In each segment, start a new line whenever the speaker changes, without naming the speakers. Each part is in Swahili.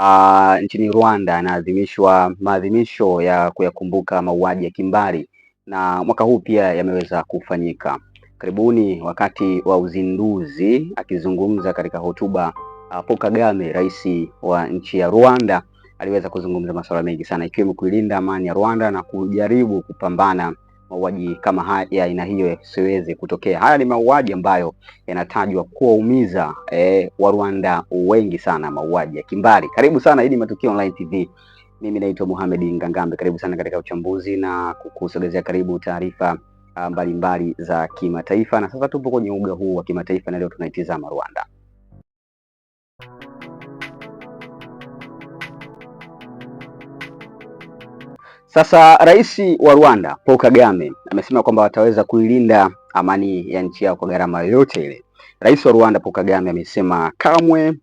Uh, nchini Rwanda yanaadhimishwa maadhimisho ya kuyakumbuka mauaji ya kimbari na mwaka huu pia yameweza kufanyika. Karibuni wakati wa uzinduzi, akizungumza katika hotuba uh, Paul Kagame, rais wa nchi ya Rwanda, aliweza kuzungumza masuala mengi sana ikiwemo kuilinda amani ya Rwanda na kujaribu kupambana mauaji kama haya ya aina hiyo yasiweze kutokea. Haya ni mauaji ambayo yanatajwa kuwaumiza eh, rwanda wengi sana, mauaji ya kimbari. Karibu sana, hii ni Matukio Online TV. Mimi naitwa Mohamed Ngangambe, karibu sana katika uchambuzi na kukusogezea karibu taarifa ah, mbalimbali za kimataifa, na sasa tupo kwenye uga huu wa kimataifa, na leo tunaitizama Rwanda. Sasa rais wa Rwanda Paul Kagame amesema kwamba wataweza kuilinda amani ya nchi yao kwa gharama yoyote ile. Rais wa Rwanda Paul Kagame amesema kamwe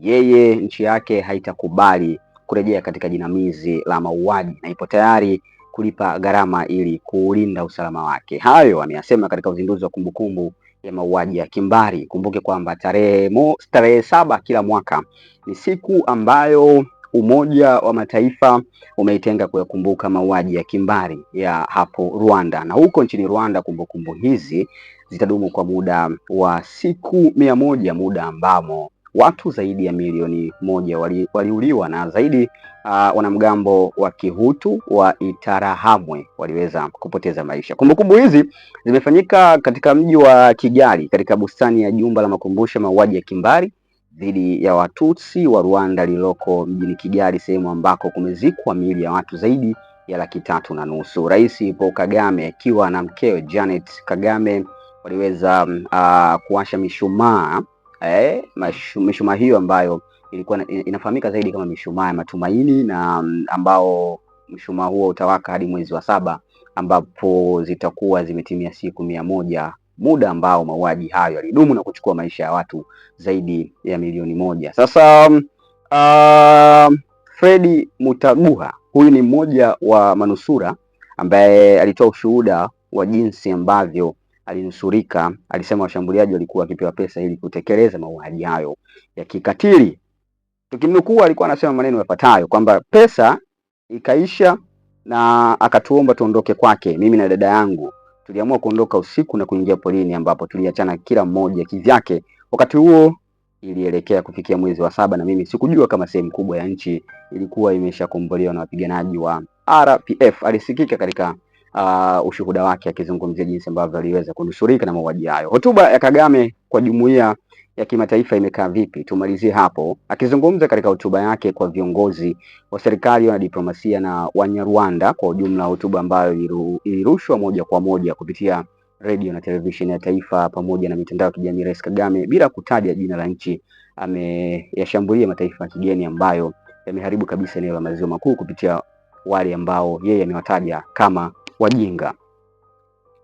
yeye nchi yake haitakubali kurejea katika jinamizi la mauaji na ipo tayari kulipa gharama ili kuulinda usalama wake. Hayo ameyasema katika uzinduzi wa kumbukumbu ya mauaji ya kimbari. Kumbuke kwamba tarehe tarehe saba kila mwaka ni siku ambayo Umoja wa Mataifa umeitenga kuyakumbuka mauaji ya kimbari ya hapo Rwanda, na huko nchini Rwanda kumbukumbu hizi zitadumu kwa muda wa siku mia moja, muda ambamo watu zaidi ya milioni moja wali, waliuliwa na zaidi uh, wanamgambo wa Kihutu wa itarahamwe waliweza kupoteza maisha. Kumbukumbu hizi zimefanyika katika mji wa Kigali katika bustani ya jumba la makumbusho mauaji ya kimbari dhidi ya Watutsi wa Rwanda lililoko mjini Kigali, sehemu ambako kumezikwa miili ya watu zaidi ya laki tatu na nusu. Rais Paul Kagame akiwa na mkewe Janet Kagame waliweza uh, kuwasha mishumaa eh, mishumaa hiyo ambayo ilikuwa inafahamika zaidi kama mishumaa ya matumaini na mm, ambao mshumaa huo utawaka hadi mwezi wa saba ambapo zitakuwa zimetimia siku mia moja muda ambao mauaji hayo yalidumu na kuchukua maisha ya watu zaidi ya milioni moja. Sasa uh, um, um, Fredi Mutaguha huyu ni mmoja wa manusura ambaye alitoa ushuhuda wa jinsi ambavyo alinusurika. Alisema washambuliaji walikuwa wakipewa pesa ili kutekeleza mauaji hayo ya kikatili. Tukimnukuu, alikuwa anasema maneno yafuatayo kwamba pesa ikaisha na akatuomba tuondoke kwake, mimi na dada yangu Tuliamua kuondoka usiku na kuingia polini ambapo tuliachana kila mmoja kivyake. Wakati huo ilielekea kufikia mwezi wa saba na mimi sikujua kama sehemu kubwa ya nchi ilikuwa imeshakombolewa na wapiganaji wa RPF. Alisikika katika uh, ushuhuda wake akizungumzia jinsi ambavyo aliweza kunusurika na mauaji hayo. Hotuba ya Kagame kwa jumuiya ya kimataifa imekaa vipi? Tumalizie hapo. Akizungumza katika hotuba yake kwa viongozi wa serikali, wanadiplomasia na Wanyarwanda kwa ujumla, hotuba ambayo ilirushwa moja kwa moja kupitia redio na televisheni ya taifa pamoja na mitandao ya kijamii, Rais Kagame bila kutaja jina la nchi ameyashambulia mataifa ya kigeni ambayo yameharibu kabisa eneo la maziwa makuu kupitia wale ambao yeye amewataja kama wajinga.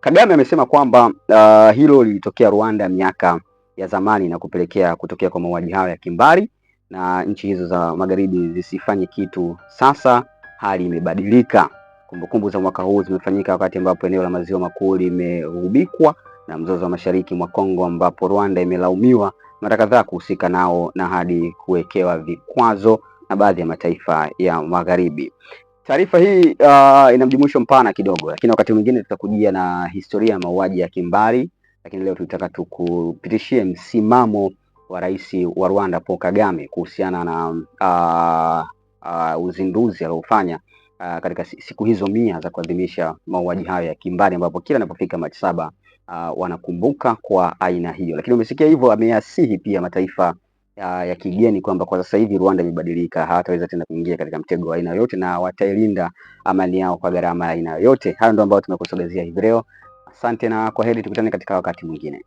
Kagame amesema kwamba uh, hilo lilitokea Rwanda miaka ya zamani na kupelekea kutokea kwa mauaji hayo ya kimbari, na nchi hizo za magharibi zisifanye kitu. Sasa hali imebadilika. Kumbukumbu za mwaka huu zimefanyika wakati ambapo eneo la maziwa makuu limehubikwa na mzozo wa mashariki mwa Kongo, ambapo Rwanda imelaumiwa mara kadhaa kuhusika nao na hadi kuwekewa vikwazo na baadhi ya mataifa ya magharibi. Taarifa hii uh, ina mjumuisho mpana kidogo, lakini wakati mwingine tutakujia na historia ya mauaji ya kimbari lakini leo tulitaka tukupitishie msimamo wa rais wa Rwanda Paul Kagame kuhusiana na uh, uh, uzinduzi aliofanya uh, katika siku hizo mia za kuadhimisha mauaji hayo ya kimbari, ambapo kila anapofika Machi saba uh, wanakumbuka kwa aina hiyo. Lakini umesikia hivyo, ameyasihi pia mataifa uh, ya kigeni kwamba kwa sasa hivi Rwanda imebadilika, hataweza tena kuingia katika mtego wa aina yoyote na watailinda amani yao kwa gharama ya aina yoyote. Hayo ndio ambayo tumekusogezea hivi leo. Asante na kwa heri, tukutane katika wakati mwingine.